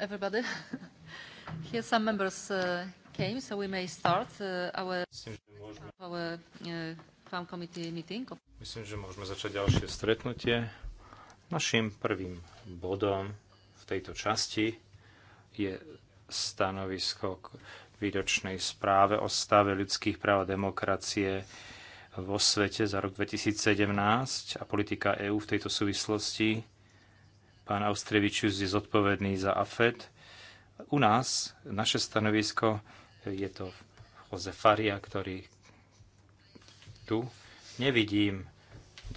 everybody. Here some members uh, came, so we may start uh, our, Myslím, môžeme... our uh, farm committee meeting. Myslím, že môžeme začať ďalšie stretnutie. Našim prvým bodom v tejto časti je stanovisko k výročnej správe o stave ľudských práv a demokracie vo svete za rok 2017 a politika EÚ v tejto súvislosti Pán Austrevičius je zodpovedný za AFED. U nás, naše stanovisko, je to Jose Faria, ktorý tu nevidím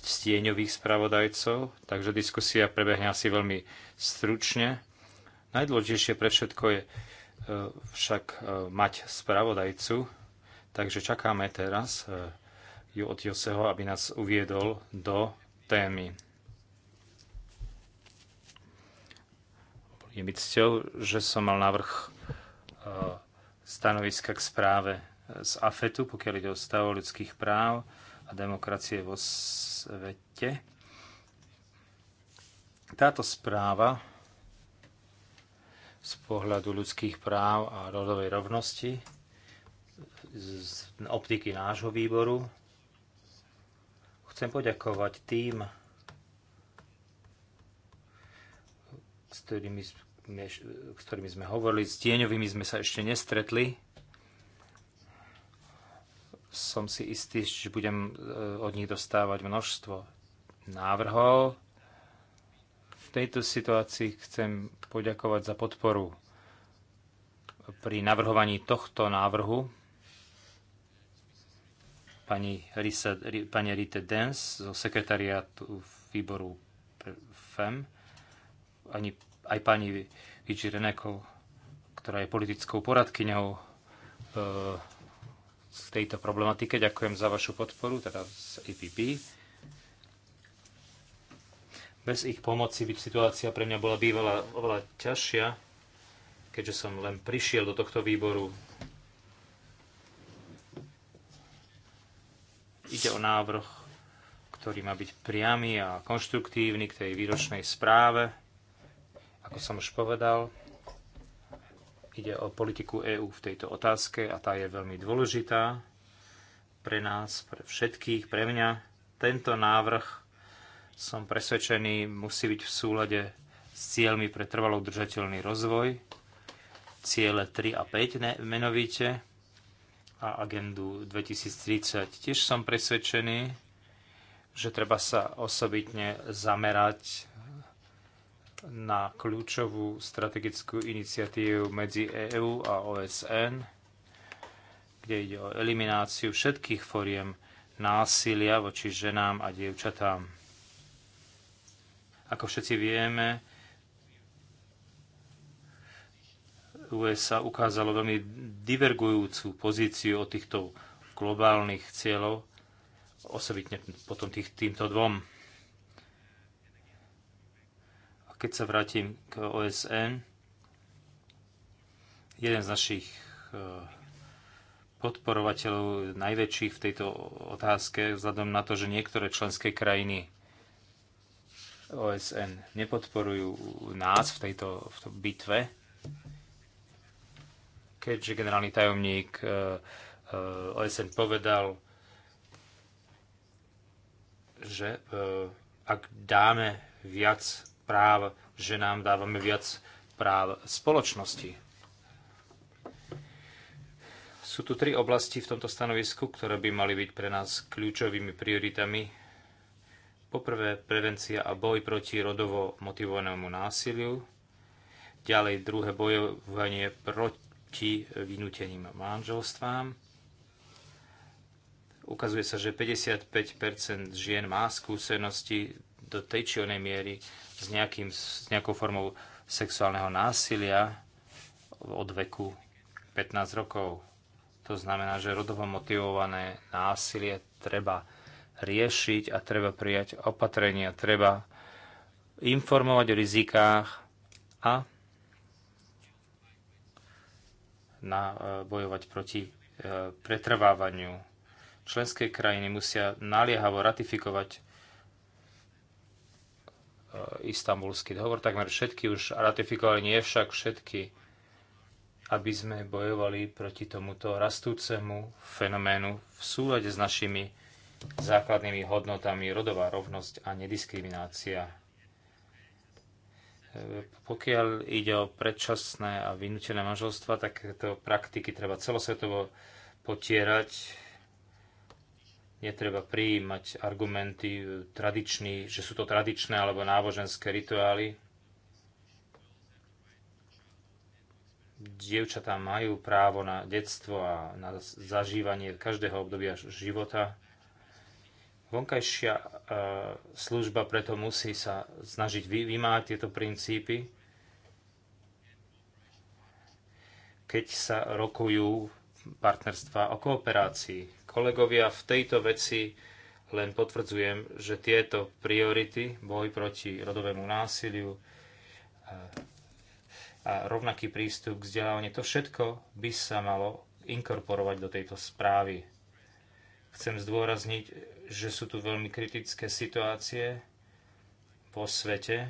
stieňových spravodajcov, takže diskusia prebehne asi veľmi stručne. Najdôležitejšie pre všetko je e, však e, mať spravodajcu, takže čakáme teraz ju e, od Joseho, aby nás uviedol do témy. Je mi cťou, že som mal návrh e, stanoviska k správe e, z AFETu, pokiaľ ide o stav ľudských práv a demokracie vo svete. Táto správa z pohľadu ľudských práv a rodovej rovnosti z optiky nášho výboru. Chcem poďakovať tým, s ktorými s ktorými sme hovorili. S tieňovými sme sa ešte nestretli. Som si istý, že budem e, od nich dostávať množstvo návrhov. V tejto situácii chcem poďakovať za podporu pri navrhovaní tohto návrhu pani, Risa, pani Rite Dens zo sekretariátu výboru FEM, ani aj pani Vidži Renekov, ktorá je politickou poradkyňou v e, tejto problematike. Ďakujem za vašu podporu, teda z EPP. Bez ich pomoci by situácia pre mňa bola bývala oveľa ťažšia, keďže som len prišiel do tohto výboru. Ide o návrh, ktorý má byť priamy a konštruktívny k tej výročnej správe. Ako som už povedal, ide o politiku EÚ v tejto otázke a tá je veľmi dôležitá pre nás, pre všetkých, pre mňa. Tento návrh, som presvedčený, musí byť v súlade s cieľmi pre trvalo udržateľný rozvoj, ciele 3 a 5 ne, menovite a agendu 2030. Tiež som presvedčený, že treba sa osobitne zamerať na kľúčovú strategickú iniciatívu medzi EÚ a OSN, kde ide o elimináciu všetkých foriem násilia voči ženám a dievčatám. Ako všetci vieme, USA ukázalo veľmi divergujúcu pozíciu od týchto globálnych cieľov, osobitne potom tých, týmto dvom keď sa vrátim k OSN, jeden z našich e, podporovateľov najväčších v tejto otázke, vzhľadom na to, že niektoré členské krajiny OSN nepodporujú nás v tejto, v to bitve, keďže generálny tajomník e, e, OSN povedal, že ak dáme viac práv, že nám dávame viac práv spoločnosti. Sú tu tri oblasti v tomto stanovisku, ktoré by mali byť pre nás kľúčovými prioritami. Poprvé, prevencia a boj proti rodovo motivovanému násiliu. Ďalej, druhé, bojovanie proti vynúteným manželstvám. Ukazuje sa, že 55 žien má skúsenosti do tej či onej miery s, nejakým, s nejakou formou sexuálneho násilia od veku 15 rokov. To znamená, že rodovo motivované násilie treba riešiť a treba prijať opatrenia, treba informovať o rizikách a na, e, bojovať proti e, pretrvávaniu. Členské krajiny musia naliehavo ratifikovať E, istambulský dohovor. Takmer všetky už ratifikovali, nie však všetky, aby sme bojovali proti tomuto rastúcemu fenoménu v súlade s našimi základnými hodnotami rodová rovnosť a nediskriminácia. E, pokiaľ ide o predčasné a vynútené manželstva, tak tieto praktiky treba celosvetovo potierať netreba prijímať argumenty eh, tradičný, že sú to tradičné alebo náboženské rituály. Dievčatá majú právo na detstvo a na zažívanie každého obdobia života. Vonkajšia eh, služba preto musí sa snažiť vymáhať tieto princípy. Keď sa rokujú partnerstva o kooperácii, Kolegovia, v tejto veci len potvrdzujem, že tieto priority, boj proti rodovému násiliu a rovnaký prístup k vzdelávaniu, to všetko by sa malo inkorporovať do tejto správy. Chcem zdôrazniť, že sú tu veľmi kritické situácie vo svete,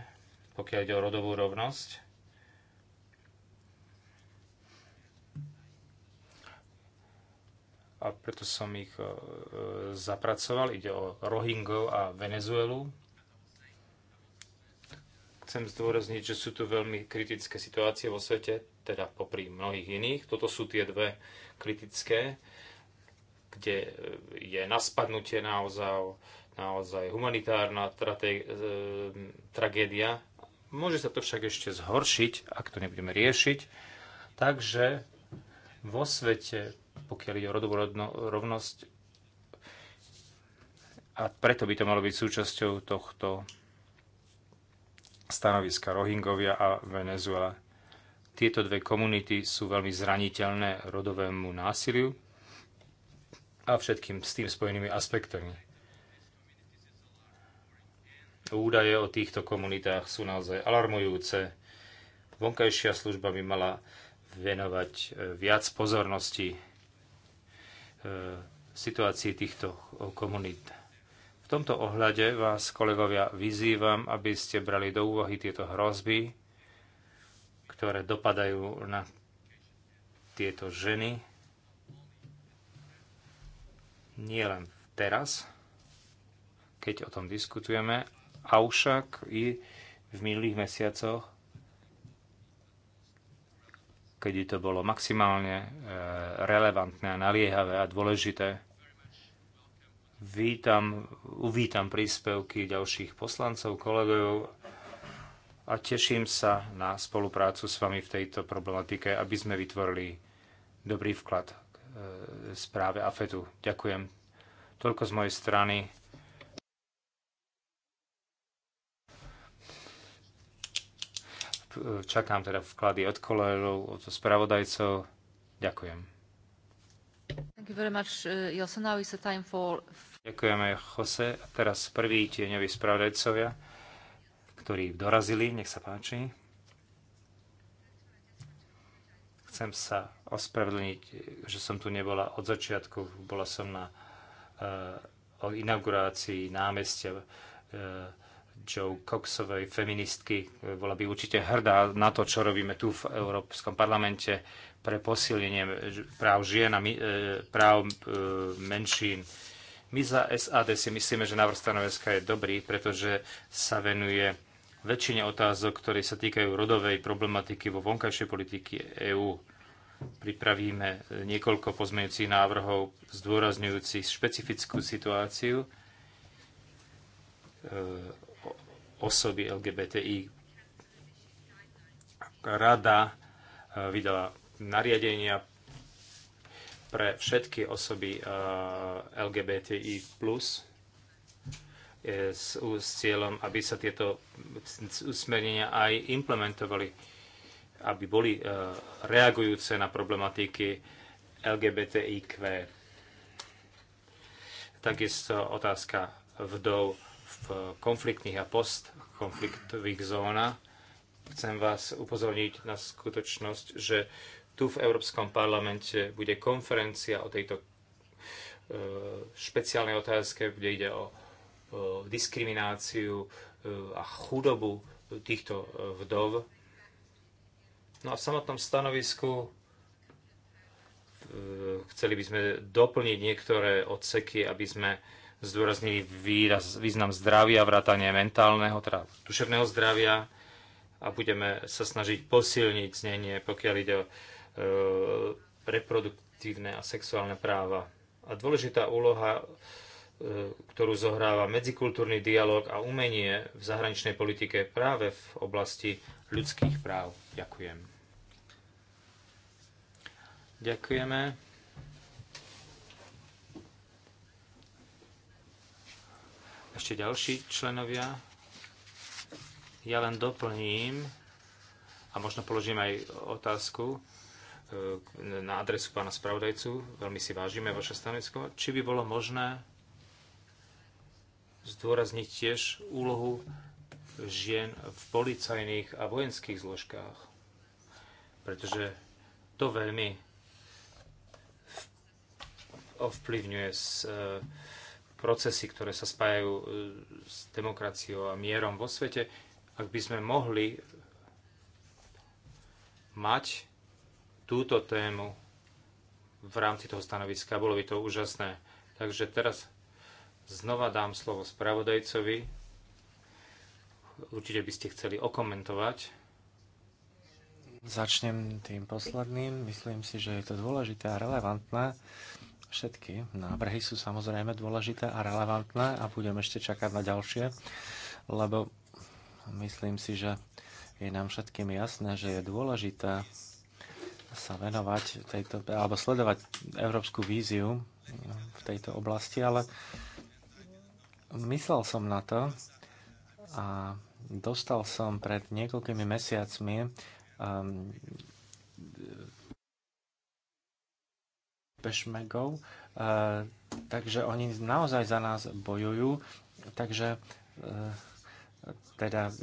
pokiaľ ide o rodovú rovnosť a preto som ich e, e, zapracoval. Ide o Rohingov a Venezuelu. Chcem zdôrazniť, že sú tu veľmi kritické situácie vo svete, teda popri mnohých iných. Toto sú tie dve kritické, kde e, je naspadnutie naozaj, naozaj humanitárna trate, tragédia. Môže sa to však ešte zhoršiť, ak to nebudeme riešiť. Takže vo svete pokiaľ ide o rodovú rovnosť. A preto by to malo byť súčasťou tohto stanoviska Rohingovia a Venezuela. Tieto dve komunity sú veľmi zraniteľné rodovému násiliu a všetkým s tým spojenými aspektami. Údaje o týchto komunitách sú naozaj alarmujúce. Vonkajšia služba by mala venovať eh, viac pozornosti E, situácii týchto komunít. V tomto ohľade vás, kolegovia, vyzývam, aby ste brali do úvahy tieto hrozby, ktoré dopadajú na tieto ženy. Nie len teraz, keď o tom diskutujeme, avšak i v minulých mesiacoch kedy to bolo maximálne e, relevantné, naliehavé a dôležité. Vítam, uvítam príspevky ďalších poslancov, kolegov a teším sa na spoluprácu s vami v tejto problematike, aby sme vytvorili dobrý vklad e, správe AFETu. Ďakujem. Toľko z mojej strany. Čakám teda vklady od kolegov, od spravodajcov. Ďakujem. For... Ďakujeme, Jose. A teraz prvý tieňový spravodajcovia, ktorí dorazili. Nech sa páči. Chcem sa ospravedlniť, že som tu nebola od začiatku. Bola som na uh, inaugurácii námestia uh, Joe Coxovej, feministky. Bola by určite hrdá na to, čo robíme tu v Európskom parlamente pre posilnenie práv žien a e, práv e, menšín. My za SAD si myslíme, že návrh stanoviska je dobrý, pretože sa venuje väčšine otázok, ktoré sa týkajú rodovej problematiky vo vonkajšej politiky EÚ. Pripravíme niekoľko pozmeňujúcich návrhov zdôrazňujúcich špecifickú situáciu e, osoby LGBTI. Rada e, vydala nariadenia pre všetky osoby e, LGBTI+, e, s, s cieľom, aby sa tieto usmernenia aj implementovali, aby boli reagujúce na problematiky LGBTIQ. Takisto otázka vdov v konfliktných a postkonfliktových zónach. Chcem vás upozorniť na skutočnosť, že tu v Európskom parlamente bude konferencia o tejto e, špeciálnej otázke, kde ide o diskrimináciu e, a chudobu týchto e, vdov. No a v samotnom stanovisku chceli by sme doplniť niektoré odseky, aby sme zdôraznili výraz, význam zdravia, vrátanie mentálneho, teda duševného zdravia a budeme sa snažiť posilniť znenie, pokiaľ ide o e, reproduktívne a sexuálne práva. A dôležitá úloha, e, ktorú zohráva medzikultúrny dialog a umenie v zahraničnej politike práve v oblasti ľudských práv. Ďakujem. Ďakujeme. ešte ďalší členovia. Ja len doplním a možno položím aj otázku e, na adresu pána spravodajcu. Veľmi si vážime vaše stanovisko. Či by bolo možné zdôrazniť tiež úlohu žien v policajných a vojenských zložkách. Pretože to veľmi ovplyvňuje s, e, procesy, ktoré sa spájajú e, s demokraciou a mierom vo svete, ak by sme mohli mať túto tému v rámci toho stanoviska, bolo by to úžasné. Takže teraz znova dám slovo spravodajcovi. Určite by ste chceli okomentovať. Začnem tým posledným. Myslím si, že je to dôležité a relevantné Všetky návrhy sú samozrejme dôležité a relevantné a budem ešte čakať na ďalšie, lebo myslím si, že je nám všetkým jasné, že je dôležité sa venovať tejto, alebo sledovať európsku víziu v tejto oblasti, ale myslel som na to a dostal som pred niekoľkými mesiacmi um, pešmegov, e, takže oni naozaj za nás bojujú, takže e, teda e,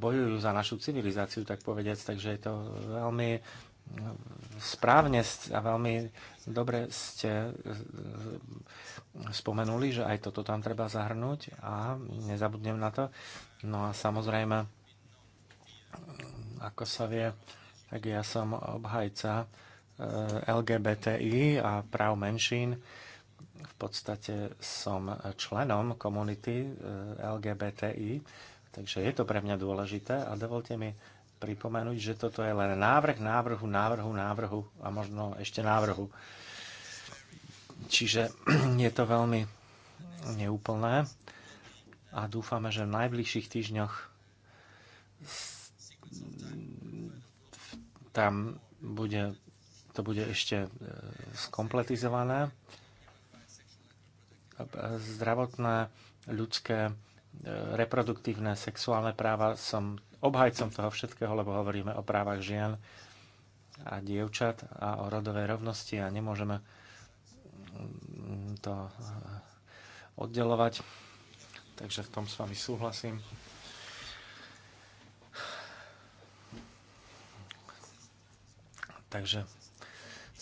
bojujú za našu civilizáciu, tak povediac, takže je to veľmi správne a veľmi dobre ste spomenuli, že aj toto tam treba zahrnúť a nezabudnem na to. No a samozrejme, ako sa vie, tak ja som obhajca Eh, LGBTI a práv menšín. V podstate som členom komunity eh, LGBTI, takže je to pre mňa dôležité a dovolte mi pripomenúť, že toto je len návrh návrhu, návrhu, návrhu a možno ešte návrhu. Čiže je to veľmi neúplné a dúfame, že v najbližších týždňoch tam bude to bude ešte e, skompletizované. E, zdravotné, ľudské, e, reproduktívne, sexuálne práva som obhajcom toho všetkého, lebo hovoríme o právach žien a dievčat a o rodovej rovnosti a nemôžeme mm, to oddelovať. Takže v tom s vami súhlasím. Takže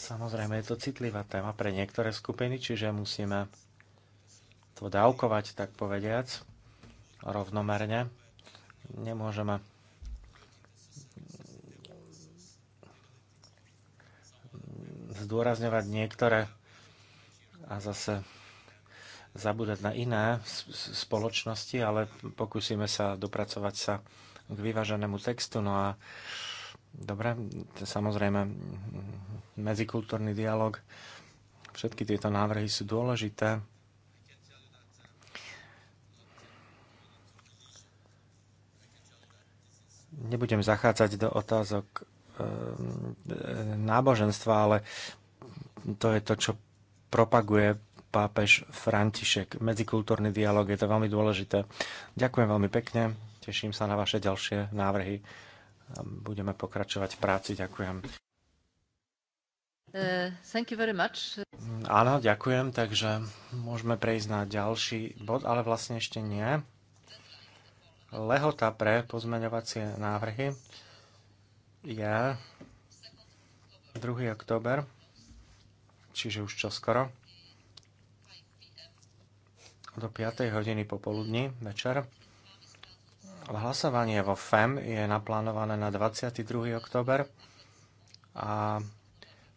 Samozrejme, je to citlivá téma pre niektoré skupiny, čiže musíme to dávkovať, tak povediac, rovnomerne. Nemôžeme zdôrazňovať niektoré a zase zabúdať na iné spoločnosti, ale pokúsime sa dopracovať sa k vyváženému textu. No a Dobre, samozrejme, medzikultúrny dialog, všetky tieto návrhy sú dôležité. Nebudem zachádzať do otázok eh, náboženstva, ale to je to, čo propaguje pápež František. Medzikultúrny dialog je to veľmi dôležité. Ďakujem veľmi pekne, teším sa na vaše ďalšie návrhy budeme pokračovať v práci. Ďakujem. Uh, thank you very much. Áno, ďakujem, takže môžeme prejsť na ďalší bod, ale vlastne ešte nie. Lehota pre pozmeňovacie návrhy je 2. október, čiže už čoskoro, do 5. hodiny popoludní večer. Hlasovanie vo FEM je naplánované na 22. október a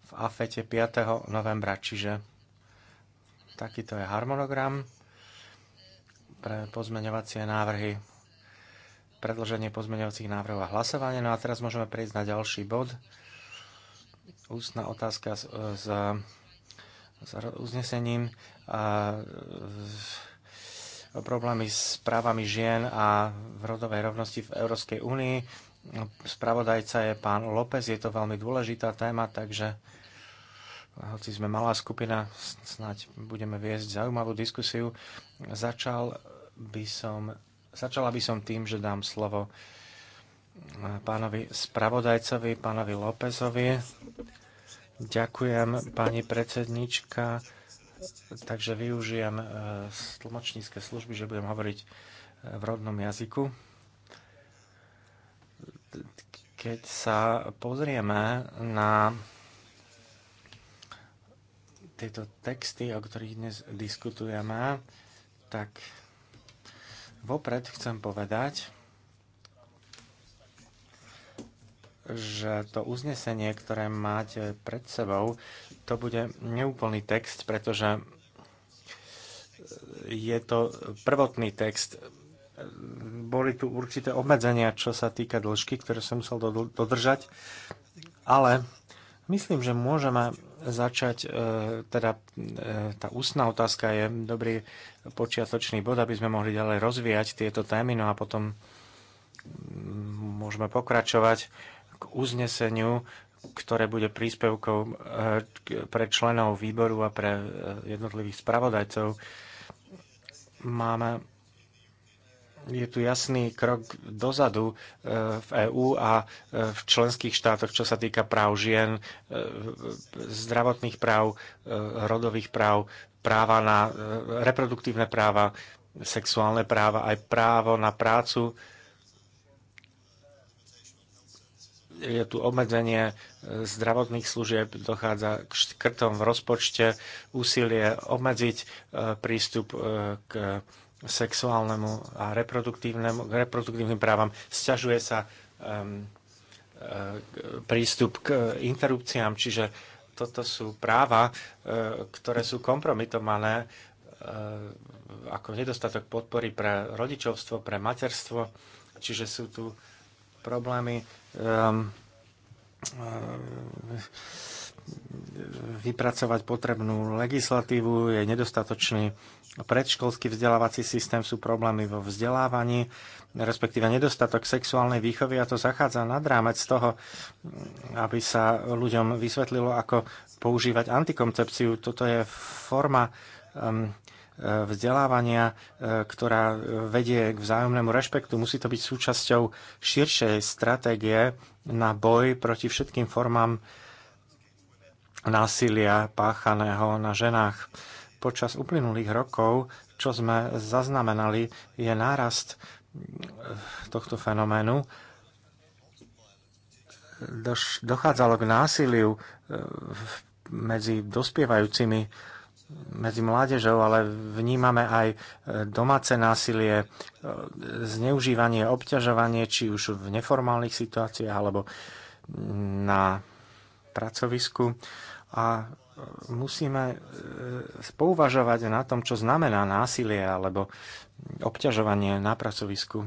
v AFETE 5. novembra, čiže takýto je harmonogram pre pozmeňovacie návrhy, predloženie pozmeňovacích návrhov a hlasovanie. No a teraz môžeme prejsť na ďalší bod. Ústna otázka s, s, s uznesením. A, problémy s právami žien a v rodovej rovnosti v Európskej únii. Spravodajca je pán López, je to veľmi dôležitá téma, takže hoci sme malá skupina, snáď budeme viesť zaujímavú diskusiu. Začal by som, začala by som tým, že dám slovo pánovi spravodajcovi, pánovi Lópezovi. Ďakujem, pani predsednička takže využijem e, tlmočnícke služby, že budem hovoriť e, v rodnom jazyku. Keď sa pozrieme na tieto texty, o ktorých dnes diskutujeme, tak vopred chcem povedať, že to uznesenie, ktoré máte pred sebou, to bude neúplný text, pretože je to prvotný text. Boli tu určité obmedzenia, čo sa týka dĺžky, ktoré som musel dodržať, ale myslím, že môžeme začať, e, teda e, tá ústna otázka je dobrý počiatočný bod, aby sme mohli ďalej rozvíjať tieto témy, no a potom mm, môžeme pokračovať k uzneseniu, ktoré bude príspevkou e, pre členov výboru a pre e, jednotlivých spravodajcov. Máme je tu jasný krok dozadu e, v EÚ a v členských štátoch, čo sa týka práv žien, zdravotných práv, rodových práv, práva na reproduktívne práva, sexuálne práva, aj právo na prácu, je tu obmedzenie e, zdravotných služieb, dochádza k škrtom v rozpočte, úsilie obmedziť e, prístup e, k sexuálnemu a reproduktívnemu, reproduktívnym právam, sťažuje sa prístup k interrupciám, čiže toto sú práva, ktoré sú kompromitované ako nedostatok podpory pre rodičovstvo, pre materstvo, čiže sú tu problémy ehm, ehm, vypracovať potrebnú legislatívu, je nedostatočný predškolský vzdelávací systém, sú problémy vo vzdelávaní, respektíve nedostatok sexuálnej výchovy a to zachádza nad rámec toho, aby sa ľuďom vysvetlilo, ako používať antikoncepciu. Toto je forma um, vzdelávania, ktorá vedie k vzájomnému rešpektu. Musí to byť súčasťou širšej stratégie na boj proti všetkým formám násilia páchaného na ženách. Počas uplynulých rokov, čo sme zaznamenali, je nárast tohto fenoménu. Dochádzalo k násiliu eh, medzi dospievajúcimi medzi mládežou, ale vnímame aj e, domáce násilie, e, zneužívanie, obťažovanie, či už v neformálnych situáciách alebo mm, na pracovisku. A e, musíme pouvažovať na tom, čo znamená násilie alebo obťažovanie na pracovisku.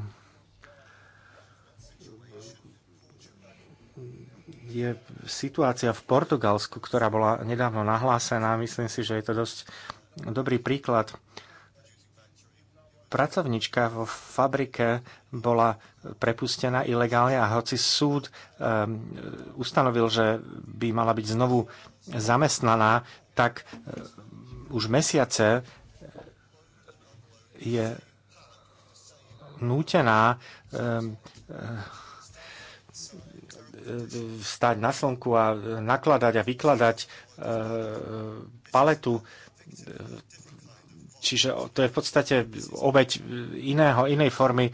je situácia v Portugalsku, ktorá bola nedávno nahlásená. Myslím si, že je to dosť dobrý príklad. Pracovnička vo fabrike bola prepustená ilegálne a hoci súd um, ustanovil, že by mala byť znovu zamestnaná, tak um, už mesiace ehm, je nútená um, stať na slnku a nakladať a vykladať e, paletu. Čiže to je v podstate obeď iného, inej formy e,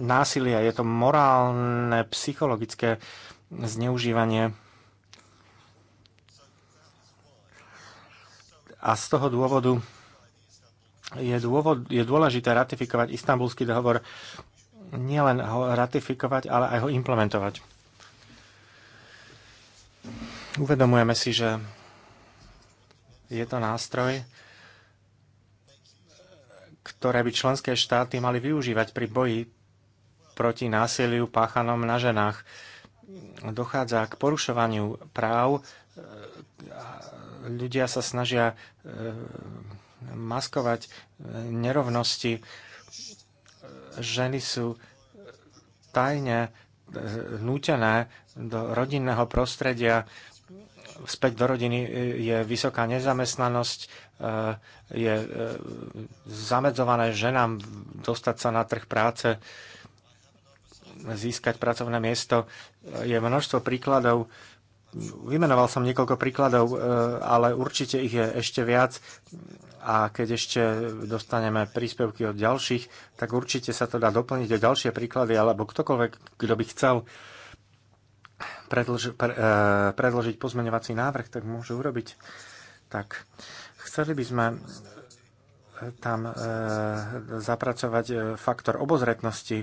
násilia. Je to morálne, psychologické zneužívanie. A z toho dôvodu je, dôvod, je dôležité ratifikovať istambulský dohovor, nielen ho ratifikovať, ale aj ho implementovať. Uvedomujeme si, že je to nástroj, ktoré by členské štáty mali využívať pri boji proti násiliu páchanom na ženách. Dochádza k porušovaniu práv, ľudia sa snažia e, maskovať e, nerovnosti, e, ženy sú tajne nútené do rodinného prostredia, späť do rodiny e, je vysoká nezamestnanosť, e, je e, zamedzované ženám dostať sa na trh práce, získať pracovné miesto. Je množstvo príkladov, vymenoval som niekoľko príkladov, ale určite ich je ešte viac a keď ešte dostaneme príspevky od ďalších, tak určite sa to dá doplniť o ďalšie príklady, alebo ktokoľvek, kto by chcel predlž, pre, e, predložiť pozmeňovací návrh, tak môžu urobiť. Tak chceli by sme tam e, zapracovať e, faktor obozretnosti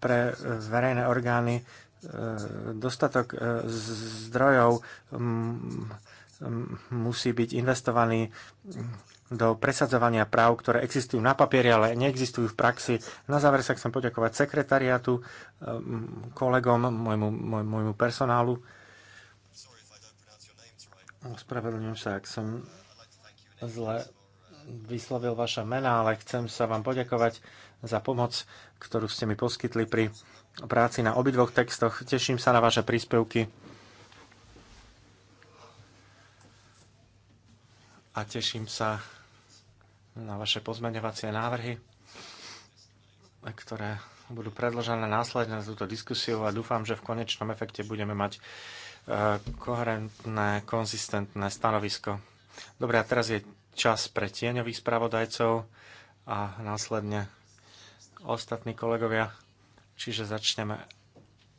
pre verejné orgány dostatok zdrojov musí byť investovaný do presadzovania práv, ktoré existujú na papieri, ale neexistujú v praxi. Na záver sa chcem poďakovať sekretariátu, um, kolegom, môjmu, môjmu personálu. Ospravedlňujem sa, ak som zle vyslovil vaša mená, ale chcem sa vám poďakovať za pomoc, ktorú ste mi poskytli pri práci na obidvoch textoch. Teším sa na vaše príspevky. a teším sa na vaše pozmeňovacie návrhy, ktoré budú predložené následne na túto diskusiu a dúfam, že v konečnom efekte budeme mať e, koherentné, konzistentné stanovisko. Dobre, a teraz je čas pre tieňových spravodajcov a následne ostatní kolegovia. Čiže začneme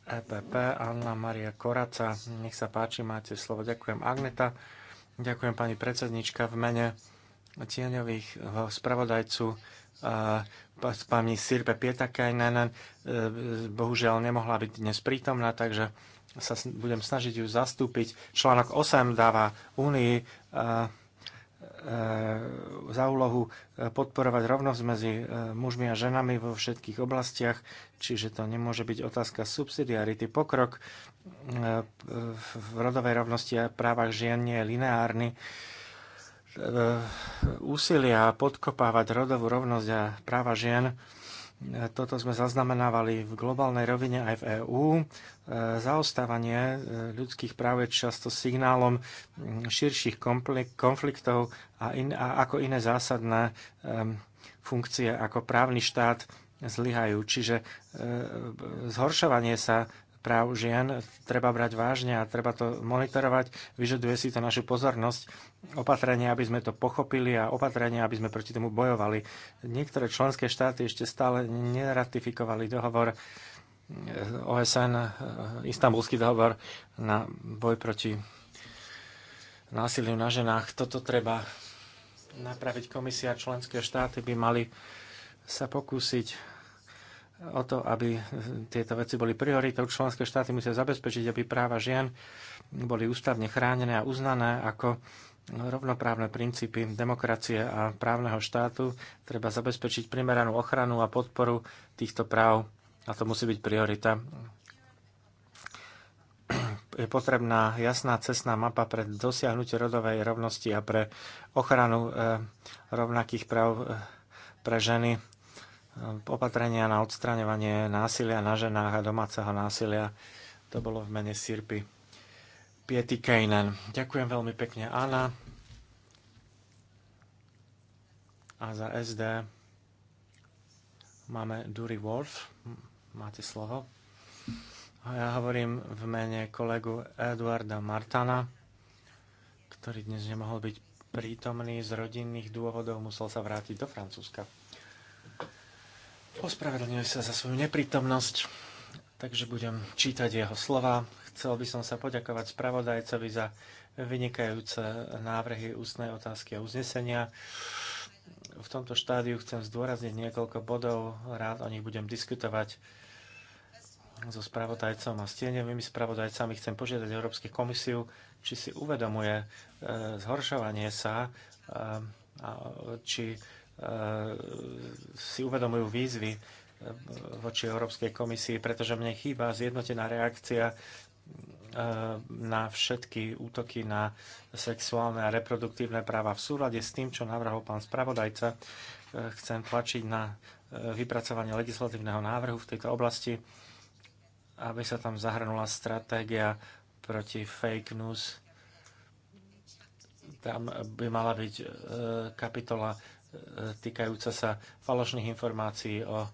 EPP, Anna Maria Koraca. Nech sa páči, máte slovo. Ďakujem, Agneta. Ďakujem, pani predsednička, v mene tieňových eh, spravodajcu eh, pani Sirpe Pietakajnanan eh, bohužiaľ nemohla byť dnes prítomná, takže sa budem snažiť ju zastúpiť. Článok 8 dáva Únii za úlohu podporovať rovnosť medzi mužmi a ženami vo všetkých oblastiach, čiže to nemôže byť otázka subsidiarity. Pokrok v rodovej rovnosti a právach žien nie je lineárny. Eh, úsilia podkopávať rodovú rovnosť a práva žien. Eh, toto sme zaznamenávali v globálnej rovine aj v EÚ. Eh, zaostávanie ľudských práv je často signálom mm, širších konfliktov a, in, a ako iné zásadné funkcie ako právny štát zlyhajú. Čiže zhoršovanie sa práv žien treba brať vážne a treba to monitorovať. Vyžaduje si to našu pozornosť, opatrenia, aby sme to pochopili a opatrenia, aby sme proti tomu bojovali. Niektoré členské štáty ešte stále neratifikovali dohovor eh, OSN, eh, istambulský dohovor na boj proti násiliu na ženách. Toto treba napraviť komisia. Členské štáty by mali sa pokúsiť o to, aby tieto veci boli prioritou. Členské štáty musia zabezpečiť, aby práva žien boli ústavne chránené a uznané ako rovnoprávne princípy demokracie a právneho štátu. Treba zabezpečiť primeranú ochranu a podporu týchto práv a to musí byť priorita. Je potrebná jasná cestná mapa pre dosiahnutie rodovej rovnosti a pre ochranu eh, rovnakých práv eh, pre ženy opatrenia na odstraňovanie násilia na ženách a domáceho násilia. To bolo v mene Sirpy. Piety Kejnen. Ďakujem veľmi pekne, Anna. A za SD máme Dury Wolf. Máte slovo. A ja hovorím v mene kolegu Eduarda Martana, ktorý dnes nemohol byť prítomný z rodinných dôvodov, musel sa vrátiť do Francúzska. Ospravedlňuje sa za svoju neprítomnosť, takže budem čítať jeho slova. Chcel by som sa poďakovať spravodajcovi za vynikajúce návrhy ústnej otázky a uznesenia. V tomto štádiu chcem zdôrazniť niekoľko bodov, rád o nich budem diskutovať so spravodajcom a stieňovými spravodajcami. Chcem požiadať Európsky komisiu, či si uvedomuje e, zhoršovanie sa, e, či E, si uvedomujú výzvy e, voči Európskej komisii, pretože mne chýba zjednotená reakcia e, na všetky útoky na sexuálne a reproduktívne práva. V súlade s tým, čo navrhol pán spravodajca, chcem tlačiť na vypracovanie legislatívneho návrhu v tejto oblasti, aby sa tam zahrnula stratégia proti fake news. Tam by mala byť kapitola týkajúca sa falošných informácií o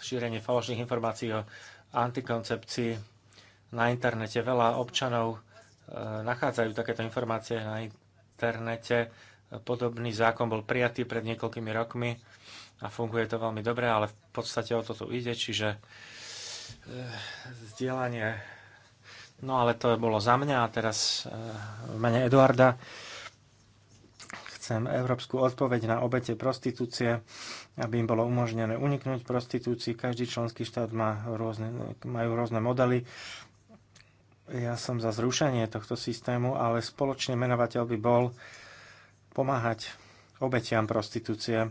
šírenie falošných informácií o antikoncepcii na internete. Veľa občanov e, nachádzajú takéto informácie na internete. Podobný zákon bol prijatý pred niekoľkými rokmi a funguje to veľmi dobre, ale v podstate o to tu ide, čiže e, zdieľanie. No ale to bolo za mňa a teraz e, v mene Eduarda. Chcem európsku odpoveď na obete prostitúcie, aby im bolo umožnené uniknúť prostitúcii. Každý členský štát má rôzne, majú rôzne modely. Ja som za zrušenie tohto systému, ale spoločne menovateľ by bol pomáhať obetiam prostitúcie, eh,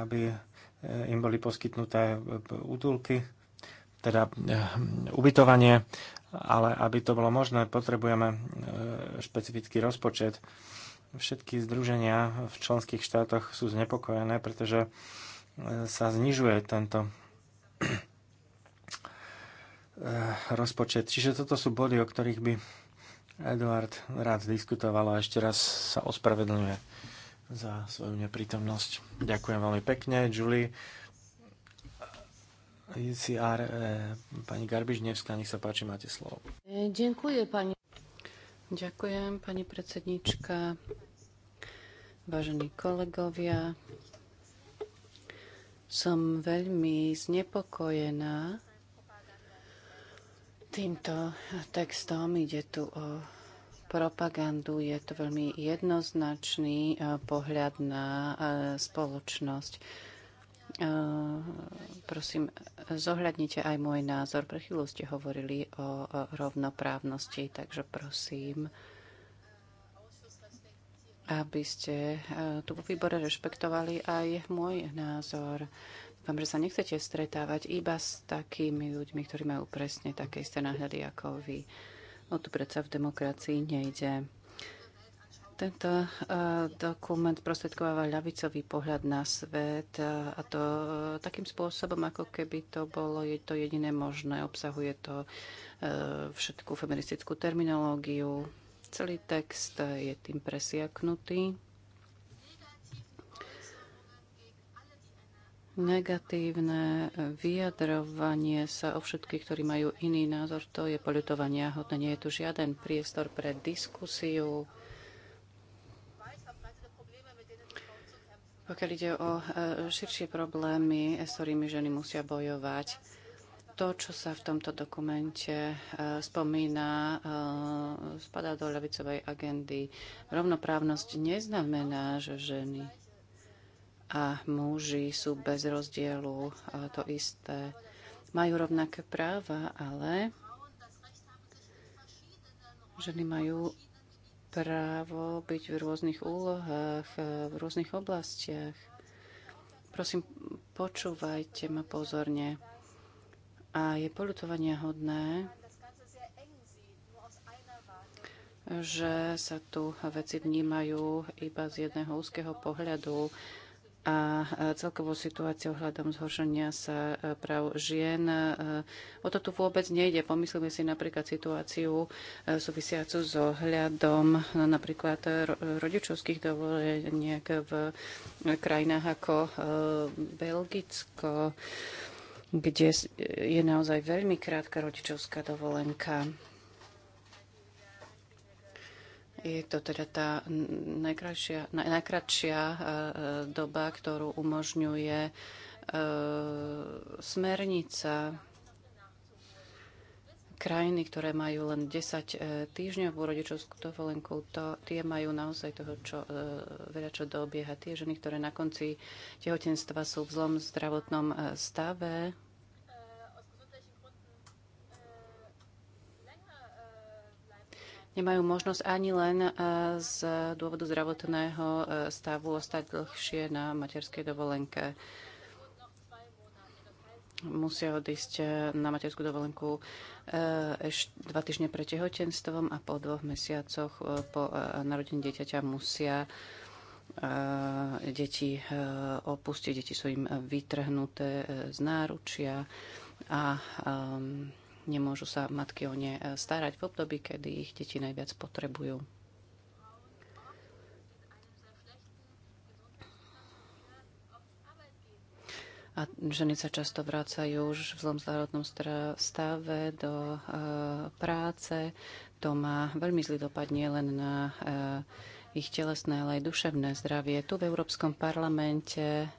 aby eh, im boli poskytnuté eh, útulky, teda ubytovanie, ale aby to bolo možné, potrebujeme špecifický rozpočet. Všetky združenia v členských štátoch sú znepokojené, pretože e, sa znižuje tento e, rozpočet. Čiže toto sú body, o ktorých by Eduard rád diskutoval a ešte raz sa ospravedlňuje za svoju neprítomnosť. Ďakujem veľmi pekne, Julie. ICR, e, pani Garbižnevská, nech sa páči, máte slovo. Ďakujem, pani. Ďakujem, pani predsednička vážení kolegovia. Som veľmi znepokojená týmto textom. Ide tu o propagandu. Je to veľmi jednoznačný e, pohľad na e, spoločnosť. E, prosím, zohľadnite aj môj názor. Pre chvíľu ste hovorili o rovnoprávnosti, takže prosím, aby ste e, tu vo výbore rešpektovali aj môj názor. Vám, že sa nechcete stretávať iba s takými ľuďmi, ktorí majú presne také isté náhľady ako vy. O tu predsa v demokracii nejde. Tento uh, dokument prostredkováva ľavicový pohľad na svet uh, a to uh, takým spôsobom, ako keby to bolo je to jediné možné. Obsahuje to všetkú feministickú terminológiu, Celý text je tým presiaknutý. Negatívne vyjadrovanie sa o všetkých, ktorí majú iný názor, to je poľutovania hodné. Nie je tu žiaden priestor pre diskusiu. Pokiaľ ide o e, širšie problémy, s ktorými ženy musia bojovať, to, čo sa v tomto dokumente e, spomína, e, spadá do ľavicovej agendy. Rovnoprávnosť neznamená, že ženy a muži sú bez rozdielu to isté. Majú rovnaké práva, ale ženy majú právo byť v rôznych úlohách, e, v rôznych oblastiach. Prosím, počúvajte ma pozorne. A je polutovania hodné, že sa tu veci vnímajú iba z jedného úzkeho pohľadu a celkovou situáciou hľadom zhoršenia sa e, práv žien. E, o to tu vôbec nejde. Pomyslíme si napríklad situáciu e, súvisiacu s so ohľadom no, napríklad rodičovských dovoleniek v krajinách ako Belgicko kde je naozaj veľmi krátka rodičovská dovolenka. Je to teda tá naj, najkratšia e, e, doba, ktorú umožňuje e, smernica krajiny, ktoré majú len 10 týždňovú rodičovskú dovolenku, to, tie majú naozaj toho, čo, veľa čo dobieha. Tie ženy, ktoré na konci tehotenstva sú v zlom zdravotnom stave, nemajú možnosť ani len eh, z dôvodu zdravotného eh, stavu ostať dlhšie na materskej dovolenke. Musia odísť eh, na materskú dovolenku ešte dva týždne pred tehotenstvom a po dvoch mesiacoch po narodení dieťaťa musia deti opustiť. Deti sú im vytrhnuté z náručia a um, nemôžu sa matky o ne e, starať v období, kedy ich deti najviac potrebujú. A ženy sa často vracajú už v zlom zdravotnom stave do e, práce. To má veľmi zlý dopad nielen na e, ich telesné, ale aj duševné zdravie. Tu v Európskom parlamente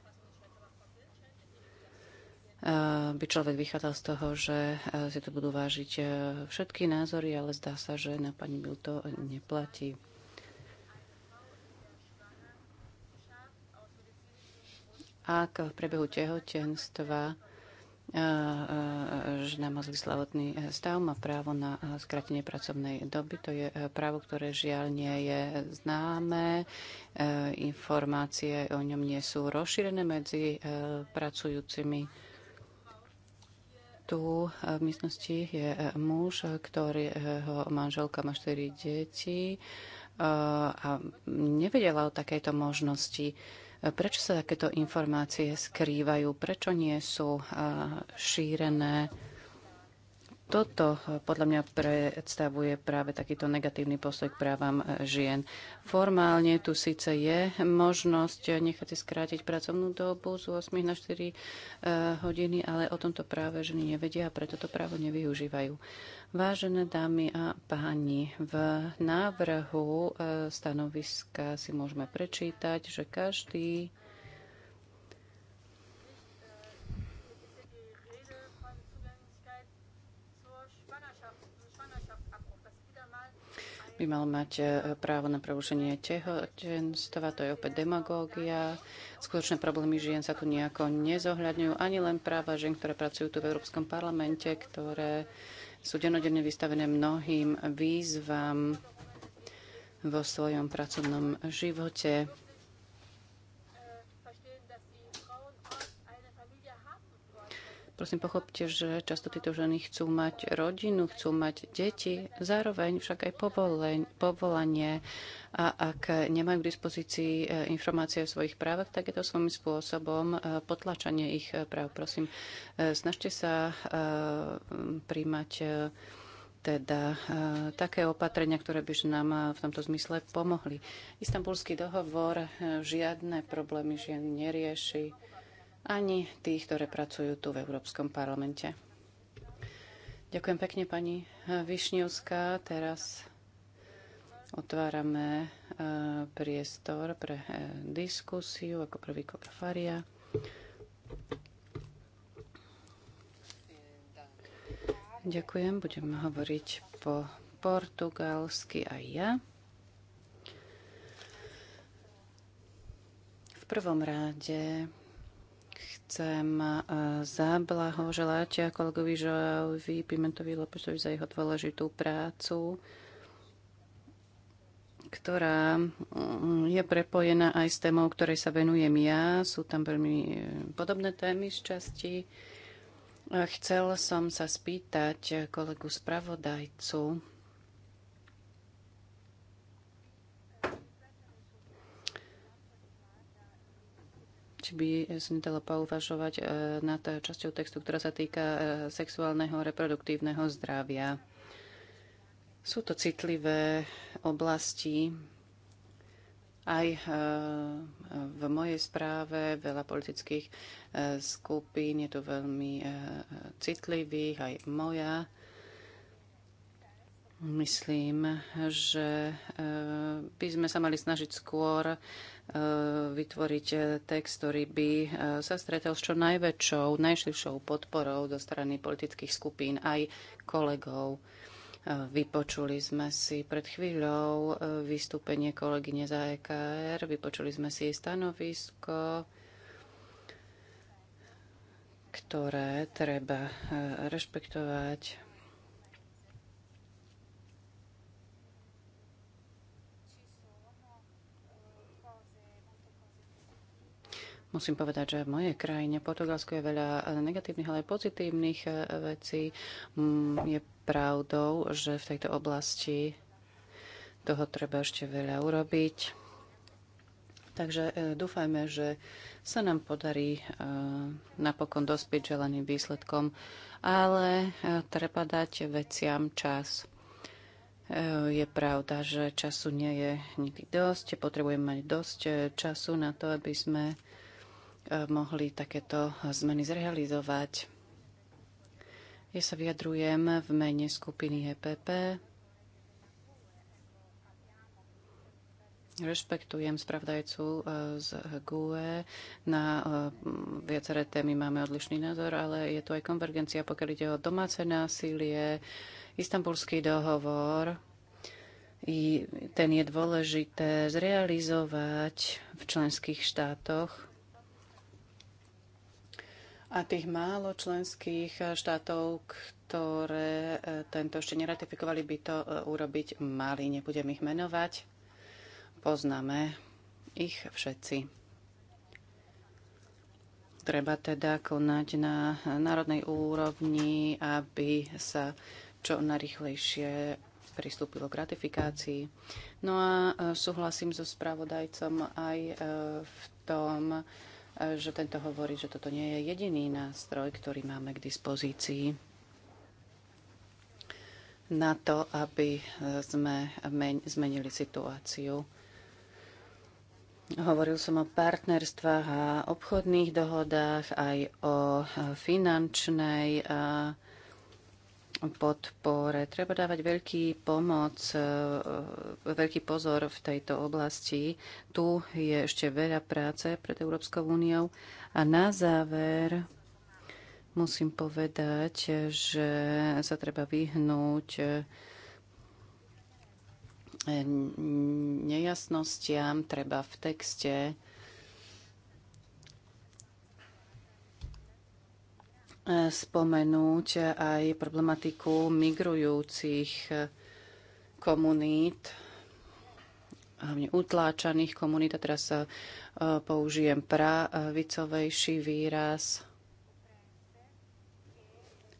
Eh, by človek vychádzal z toho, že eh, si to budú vážiť eh, všetky názory, ale zdá sa, že na pani Bill to neplatí. Ak v priebehu tehotenstva žena má zlý zdravotný stav, má právo na skratenie pracovnej doby. To je právo, ktoré žiaľ nie je známe. Informácie o ňom nie sú rozšírené medzi pracujúcimi tu e, v miestnosti je e, muž, e, ktorého manželka má 4 deti a nevedela o takejto možnosti. Prečo sa takéto informácie skrývajú? Prečo nie sú šírené? toto eh, podľa mňa predstavuje práve takýto negatívny postoj k právam eh, žien. Formálne tu síce je možnosť eh, nechať si skrátiť pracovnú dobu z 8 na 4 hodiny, ale o tomto práve ženy nevedia a preto to právo nevyužívajú. Vážené dámy a páni, v návrhu stanoviska si môžeme prečítať, že každý by mal mať e, právo na prerušenie tehotenstva, to je opäť demagógia. Skutočné problémy žien sa tu nejako nezohľadňujú, ani len práva žien, ktoré pracujú tu v Európskom parlamente, ktoré sú denodenne vystavené mnohým výzvam vo svojom pracovnom živote. Prosím, pochopte, že často títo ženy chcú mať rodinu, chcú mať deti, zároveň však aj povoleň, povolanie. A ak nemajú k dispozícii e, informácie o svojich právach, tak je to svojím spôsobom e, potlačanie ich e, práv. Prosím, snažte sa príjmať teda e, také opatrenia, ktoré by nám v tomto zmysle pomohli. Istanbulský dohovor e, žiadne problémy žien nerieši ani tých, ktoré pracujú tu v Európskom parlamente. Ďakujem pekne, pani Višňovská. Teraz otvárame e, priestor pre e, diskusiu ako prvý Koka Faria. Ďakujem, budem hovoriť po portugalsky aj ja. V prvom rade Chcem e, zablahoželať kolegovi Žoávi Pimentovi Lopesovi za jeho dôležitú prácu ktorá mm, je prepojená aj s témou, ktorej sa venujem ja. Sú tam veľmi e, podobné témy z časti. Chcel som sa spýtať kolegu spravodajcu, či by som nedala pouvažovať e, nad časťou textu, ktorá sa týka e, sexuálneho reproduktívneho zdravia. Sú to citlivé oblasti. Aj e, v mojej správe veľa politických skupín je tu veľmi citlivých, aj moja Myslím, že eh, by sme sa mali snažiť skôr eh, vytvoriť eh, text, ktorý by sa stretol s čo najväčšou, najširšou podporou zo strany politických skupín aj kolegov. Vypočuli sme si pred chvíľou vystúpenie kolegyne za EKR, vypočuli sme si jej stanovisko, ktoré treba rešpektovať. Musím povedať, že v mojej krajine Portugalsko je veľa negatívnych, ale aj pozitívnych eh, vecí. Mm, je pravdou, že v tejto oblasti toho treba ešte veľa urobiť. Takže eh, dúfajme, že sa nám podarí eh, napokon dospieť želeným výsledkom, ale treba dať veciam čas. Je pravda, že času nie je nikdy dosť, potrebujeme mať dosť času na to, aby sme mohli takéto zmeny zrealizovať. Ja sa vyjadrujem v mene skupiny EPP. Rešpektujem spravdajcu e, z GUE. Na e, viaceré témy máme odlišný názor, ale je tu aj konvergencia, pokiaľ ide o domáce násilie, istambulský dohovor. I ten je dôležité zrealizovať v členských štátoch a tých málo členských štátov, ktoré e, tento ešte neratifikovali, by to e, urobiť mali. Nebudem ich menovať. Poznáme ich všetci. Treba teda konať na národnej úrovni, aby sa čo najrychlejšie pristúpilo k ratifikácii. No a e, súhlasím so spravodajcom aj v tom, že tento hovorí, že toto nie je jediný nástroj, ktorý máme k dispozícii na to, aby sme zmenili situáciu. Hovoril som o partnerstvách a obchodných dohodách, aj o finančnej a podpore. Treba dávať veľký pomoc, e, veľký pozor v tejto oblasti. Tu je ešte veľa práce pred Európskou úniou. A na záver musím povedať, že sa treba vyhnúť e, nejasnostiam, treba v texte spomenúť aj problematiku migrujúcich komunít, hlavne utláčaných komunít. A teraz eh, použijem pravicovejší výraz.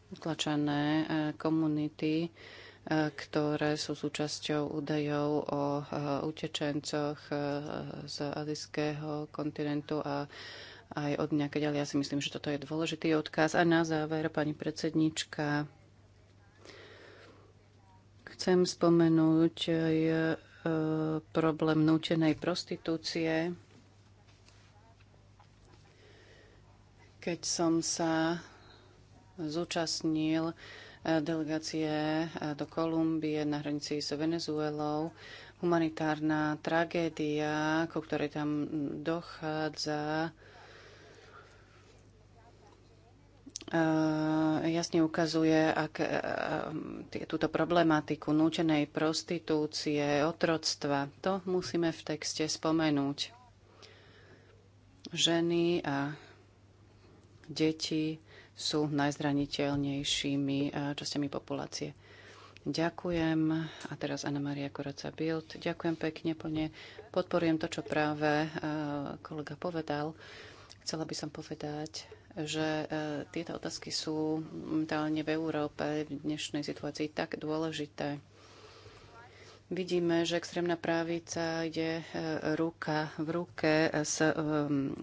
Utlačené eh, komunity, eh, ktoré sú súčasťou údajov o utečencoch z azijského kontinentu a aj od dňa, keď ale ja si myslím, že toto je dôležitý odkaz. A na záver, pani predsednička, chcem spomenúť aj e, problém nútenej prostitúcie. Keď som sa zúčastnil e, delegácie e, do Kolumbie na hranici s Venezuelou. Humanitárna tragédia, ku ktorej tam dochádza, Eh, jasne ukazuje, ak eh, túto problematiku núčenej prostitúcie, otroctva, to musíme v texte spomenúť. Ženy a deti sú najzraniteľnejšími eh, časťami populácie. Ďakujem. A teraz Anna Maria Koroca Bild. Ďakujem pekne, plne podporujem to, čo práve kolega povedal. Chcela by som povedať, že e, tieto otázky sú momentálne v Európe v dnešnej situácii tak dôležité. Vidíme, že extrémna právica ide e, ruka v ruke s e,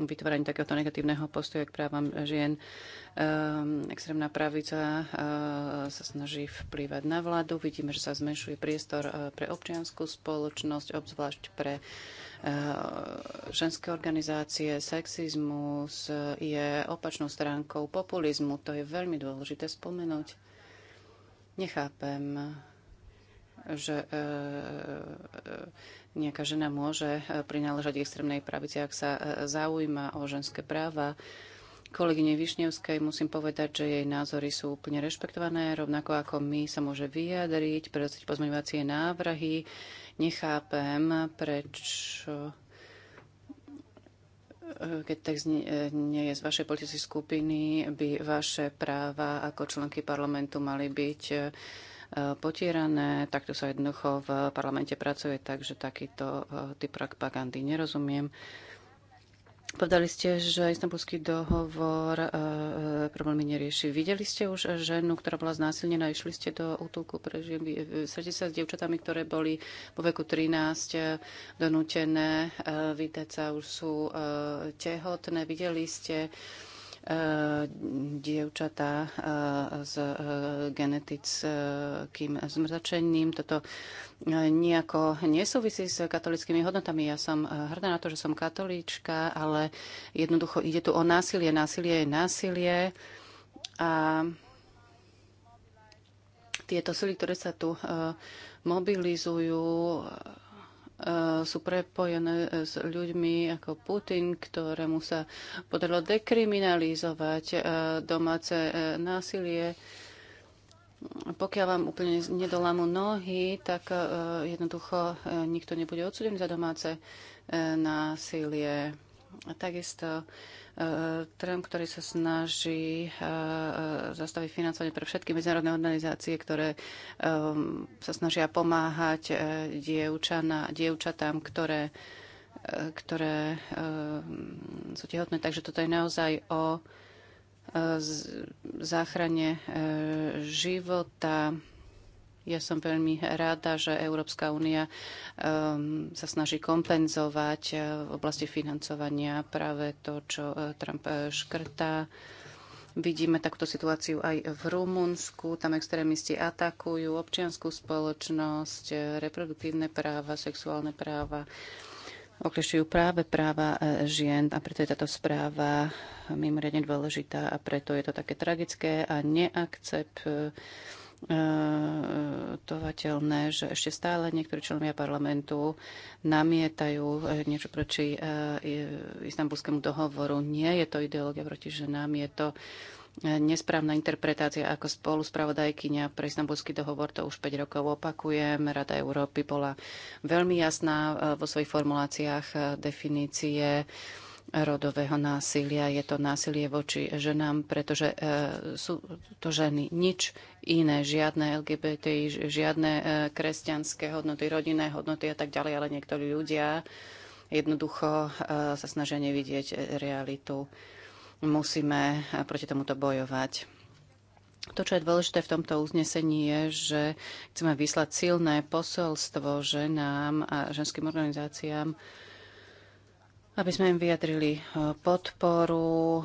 vytváraním takéhoto negatívneho postoja k právam žien. Extrémna pravica sa snaží vplývať na vládu. Vidíme, že sa zmenšuje priestor pre občianskú spoločnosť, obzvlášť pre Eh, ženské organizácie, sexizmus eh, je opačnou stránkou populizmu. To je veľmi dôležité spomenúť. Nechápem, že eh, nejaká žena môže prináležať extrémnej pravici, ak sa zaujíma o ženské práva kolegyne Višňovskej musím povedať, že jej názory sú úplne rešpektované, rovnako ako my sa môže vyjadriť, predstaviť pozmeňovacie návrhy. Nechápem, prečo eh, keď tak eh, nie je z vašej politickej skupiny, by vaše práva ako členky parlamentu mali byť eh, potierané. Takto sa jednoducho v parlamente pracuje, takže takýto typ propagandy nerozumiem. Povedali ste, že istambulský dohovor e, e, problémy nerieši. Videli ste už ženu, ktorá bola znásilnená, išli ste do útulku pre ženy, e, Sredite sa s dievčatami, ktoré boli vo veku 13 e, donútené, e, vydať sa už sú e, tehotné. Videli ste e, Eh, dievčatá eh, s eh, genetickým zmrzačením. Toto nejako nesúvisí s katolickými hodnotami. Ja som hrdá na to, že som katolíčka, ale jednoducho ide tu o násilie. Násilie je násilie. A tieto sily, ktoré sa tu mobilizujú, E, sú prepojené e, s ľuďmi ako Putin, ktorému sa podarilo dekriminalizovať e, domáce násilie. Pokiaľ vám úplne nedolámu nohy, tak jednoducho nikto nebude odsudený za domáce násilie. A takisto Eh, Trump, ktorý sa snaží eh, zastaviť financovanie pre všetky medzinárodné organizácie, ktoré eh, sa snažia pomáhať dievčana, dievčatám, ktoré, ktoré sú tehotné. Takže toto je naozaj o záchrane života ja som veľmi rada, že Európska únia um, sa snaží kompenzovať eh, v oblasti financovania práve to, čo eh, Trump eh, škrtá. Vidíme takúto situáciu aj v Rumunsku. Tam extrémisti atakujú občianskú spoločnosť, reproduktívne práva, sexuálne práva. Okrešujú práve práva žien a preto je táto správa mimoriadne dôležitá a preto je to také tragické a neakcept tovateľné, že ešte stále niektorí členovia parlamentu namietajú eh, niečo proti eh, istambulskému dohovoru. Nie je to ideológia proti ženám, je to eh, nesprávna interpretácia ako spravodajkynia pre istambulský dohovor, to už 5 rokov opakujem. Rada Európy bola veľmi jasná vo svojich formuláciách definície rodového násilia. Je to násilie voči ženám, pretože e, sú to ženy. Nič iné, žiadne LGBT, žiadne e, kresťanské hodnoty, rodinné hodnoty a tak ďalej, ale niektorí ľudia jednoducho e, sa snažia nevidieť realitu. Musíme proti tomuto bojovať. To, čo je dôležité v tomto uznesení, je, že chceme vyslať silné posolstvo ženám a ženským organizáciám, aby sme im vyjadrili e, podporu e,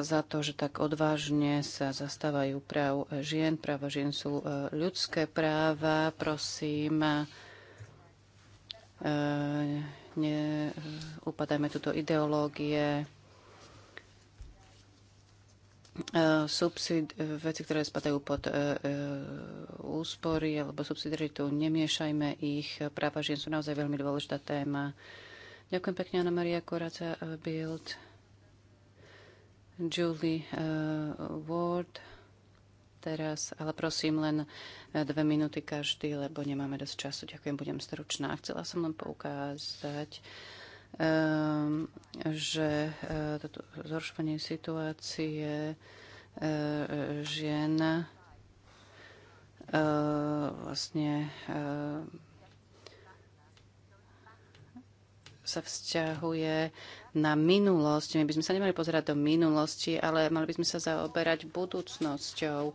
za to, že tak odvážne sa zastávajú práv žien. Práva žien sú e, ľudské práva. Prosím, neupadajme túto ideológie. Subsid, veci, ktoré spadajú pod úspory alebo subsidiaritu, nemiešajme ich. Práva žien sú naozaj veľmi dôležitá téma Ďakujem pekne, Anna Maria Koraca eh, Bild, Julie eh, Ward. Teraz, ale prosím len eh, dve minúty každý, lebo nemáme dosť času. Ďakujem, budem stručná. Chcela som len poukázať, ehm, že toto zhoršovanie situácie žien vlastne sa vzťahuje na minulosť. My by sme sa nemali pozerať do minulosti, ale mali by sme sa zaoberať budúcnosťou.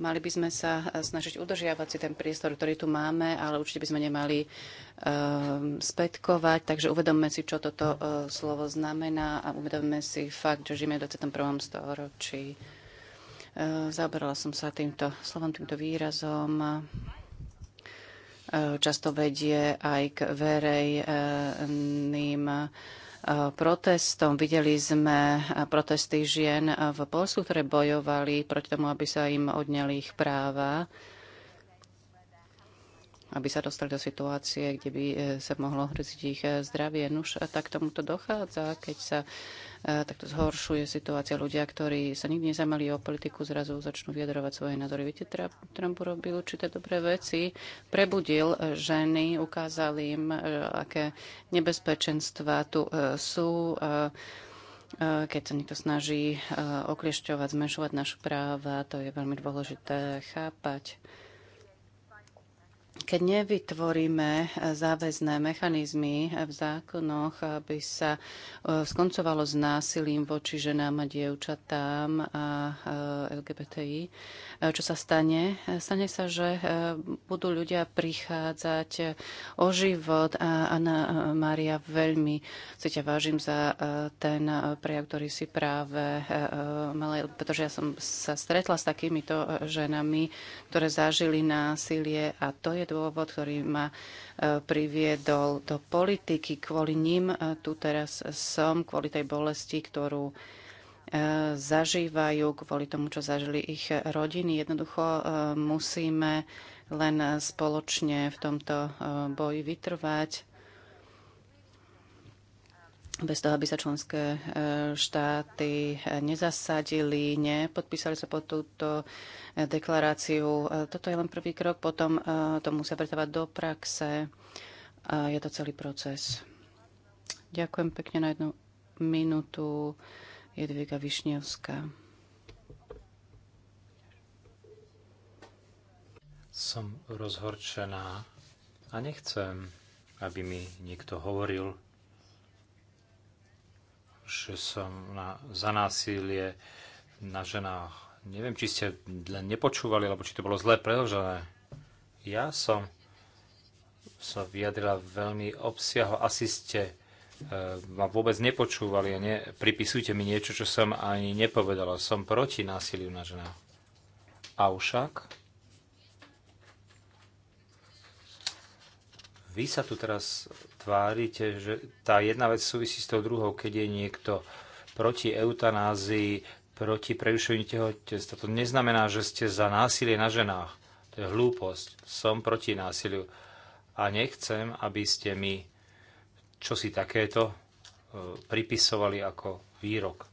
Mali by sme sa snažiť udržiavať si ten priestor, ktorý tu máme, ale určite by sme nemali um, spätkovať. Takže uvedomme si, čo toto uh, slovo znamená a uvedomme si fakt, že žijeme v 21. storočí. Uh, zaoberala som sa týmto slovom, týmto výrazom často vedie aj k verejným eh, protestom. Videli sme eh, protesty žien v Polsku, ktoré bojovali proti tomu, aby sa im odňali ich práva aby sa dostali do situácie, kde by e, sa mohlo hroziť ich e, zdravie. Nuž tak tomuto dochádza, keď sa e, takto zhoršuje situácia. Ľudia, ktorí sa nikdy nezamali o politiku, zrazu začnú vyjadrovať svoje názory. Viete, Trump, Trump urobil určité dobré veci, prebudil ženy, ukázal im, aké nebezpečenstva tu sú keď sa niekto snaží okliešťovať, zmenšovať naše práva, to je veľmi dôležité chápať keď nevytvoríme eh, záväzné mechanizmy eh, v zákonoch, aby sa eh, skoncovalo s násilím voči ženám a dievčatám a LGBTI, čo sa stane? Stane sa, že budú ľudia prichádzať o život a Anna Mária veľmi si ťa vážim za ten prejav, ktorý si práve mala, pretože ja som sa stretla s takýmito ženami, ktoré zažili násilie a to je dôvod, ktorý ma e, priviedol do politiky. Kvôli ním e, tu teraz som, kvôli tej bolesti, ktorú e, zažívajú, kvôli tomu, čo zažili ich rodiny. Jednoducho musíme len spoločne v tomto boji vytrvať bez toho, aby sa členské e, štáty e, nezasadili, nepodpísali sa pod túto e, deklaráciu. Toto je len prvý krok, potom to musia pretávať do praxe. Je to celý proces. Ďakujem pekne na jednu minútu. Jedviga Višňovská. Som rozhorčená a nechcem, aby mi niekto hovoril, že som na, za násilie na ženách. Neviem, či ste len nepočúvali, alebo či to bolo zle predlžené. Ja som sa vyjadrila veľmi obsiaho. Asi ste e, ma vôbec nepočúvali a ne, pripisujte mi niečo, čo som ani nepovedala. Som proti násiliu na ženách. Avšak Vy sa tu teraz tvárite, že tá jedna vec súvisí s tou druhou, keď je niekto proti eutanázii, proti prerušeniu tehotenstva. To neznamená, že ste za násilie na ženách. To je hlúposť. Som proti násiliu. A nechcem, aby ste mi čosi takéto e, pripisovali ako výrok.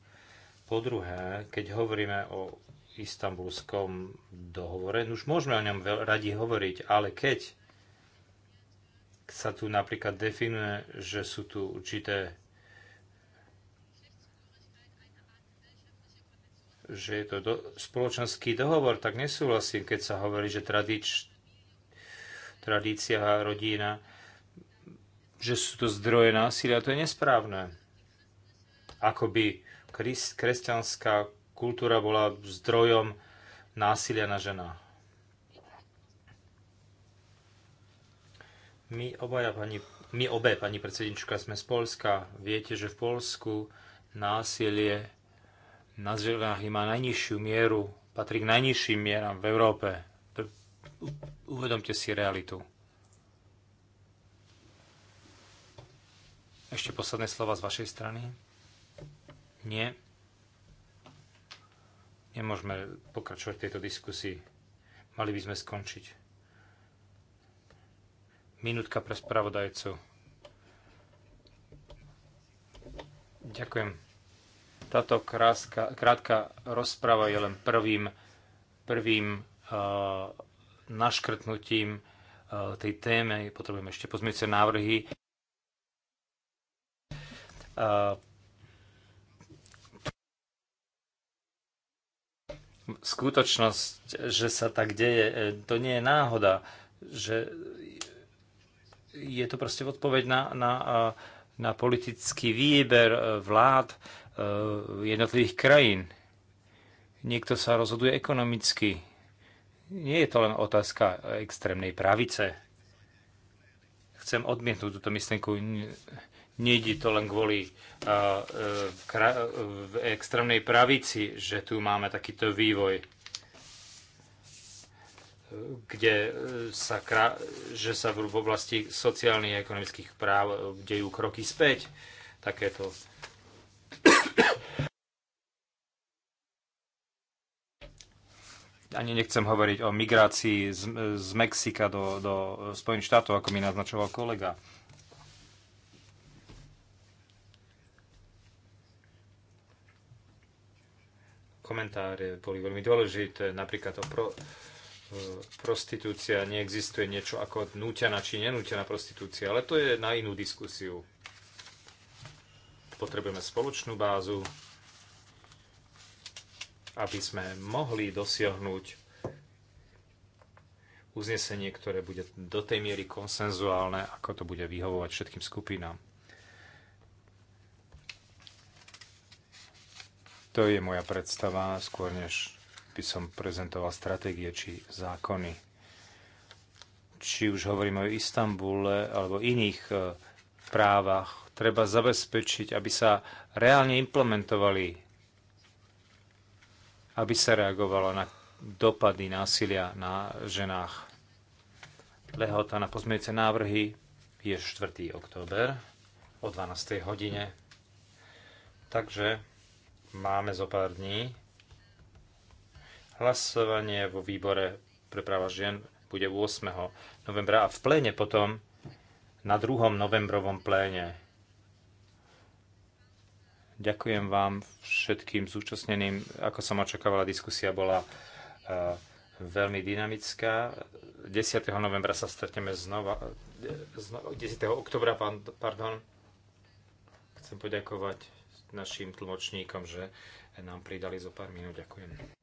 Po druhé, keď hovoríme o istambulskom dohovore, no už môžeme o ňom radi hovoriť, ale keď sa tu napríklad definuje, že sú tu určité že je to do, spoločenský dohovor, tak nesúhlasím, keď sa hovorí, že tradič, tradícia a rodina, že sú to zdroje násilia, to je nesprávne. by kres, kresťanská kultúra bola zdrojom násilia na ženách. My, obaja, pani, my obe, pani predsednička, sme z Polska. Viete, že v Polsku násilie na ženách má najnižšiu mieru, patrí k najnižším mieram v Európe. Uvedomte si realitu. Ešte posledné slova z vašej strany? Nie. Nemôžeme pokračovať v tejto diskusii. Mali by sme skončiť. Minútka pre spravodajcu. Ďakujem. Táto kráska, krátka rozpráva je len prvým, prvým uh, naškrtnutím uh, tej téme. Potrebujeme ešte pozmiece návrhy. Uh, skutočnosť, že sa tak deje, e, to nie je náhoda, že je to proste odpoveď na, na, eh, na politický výber eh, vlád eh, jednotlivých krajín. Niekto sa rozhoduje ekonomicky. Nie je to len otázka extrémnej pravice. Chcem odmietnúť túto myšlienku. Nejde to len kvôli uh, uh, kra- uh, extrémnej pravici, že tu máme takýto vývoj kde e, sa, že sa v oblasti sociálnych a ekonomických práv e, dejú kroky späť. Takéto ani nechcem hovoriť o migrácii z, z Mexika do, do Spojených štátov, ako mi naznačoval kolega. Komentáre boli veľmi dôležité, napríklad o pro, prostitúcia neexistuje niečo ako nútená či nenútená prostitúcia, ale to je na inú diskusiu. Potrebujeme spoločnú bázu, aby sme mohli dosiahnuť uznesenie, ktoré bude do tej miery konsenzuálne, ako to bude vyhovovať všetkým skupinám. To je moja predstava, skôr než by som prezentoval stratégie či zákony. Či už hovoríme o Istambule alebo iných e, právach, treba zabezpečiť, aby sa reálne implementovali, aby sa reagovalo na dopady násilia na ženách. Lehota na pozmiece návrhy je 4. október o 12. hodine. Takže máme zo pár dní Hlasovanie vo výbore pre práva žien bude 8. novembra a v pléne potom na 2. novembrovom pléne. Ďakujem vám všetkým zúčastneným. Ako som očakávala, diskusia bola e, veľmi dynamická. 10. novembra sa stretneme znova. 10. E, oktobra, pardon. Chcem poďakovať našim tlmočníkom, že nám pridali zo pár minút. Ďakujem.